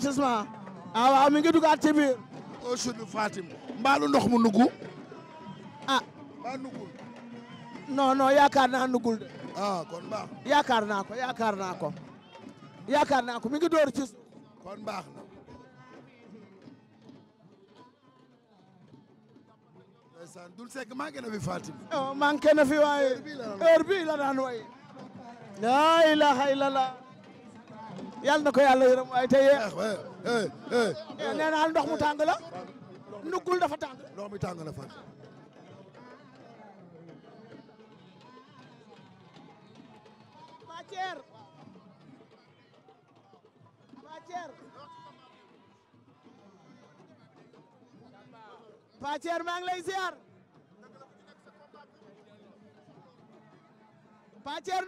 assainissement ah waaw mi ngi dugaat ci oh, mbaalu ndox mu nugg ah mbaa nuggul yaakaar naa nuggul de ah yaakaar naa ko yaakaar naa ko yaakaar naa ko mi door ci kon baax na sekk manqué na fi Fatim oh, manqué na fi waaye heure bii la daan way la ilaha illallah yàlla na ko yàlla yërëm waaye tey eh, eh, eh, nee naa ndox mu tàng la nuggul dafa tàng ndox mi tàng la fan Mathier Mathier maa ngi lay ziar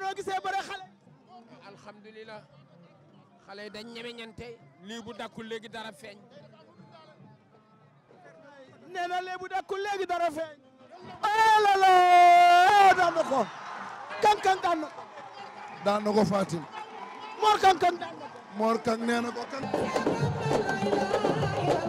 noo gisee bëre xale xale yi dañ ñemeñante lii bu dakkul léegi dara feeñ. nee na lii léegi dara feeñ. alala ah ah daan na kankan daan na ko. daan na kankan daan na ko. Mor kankan.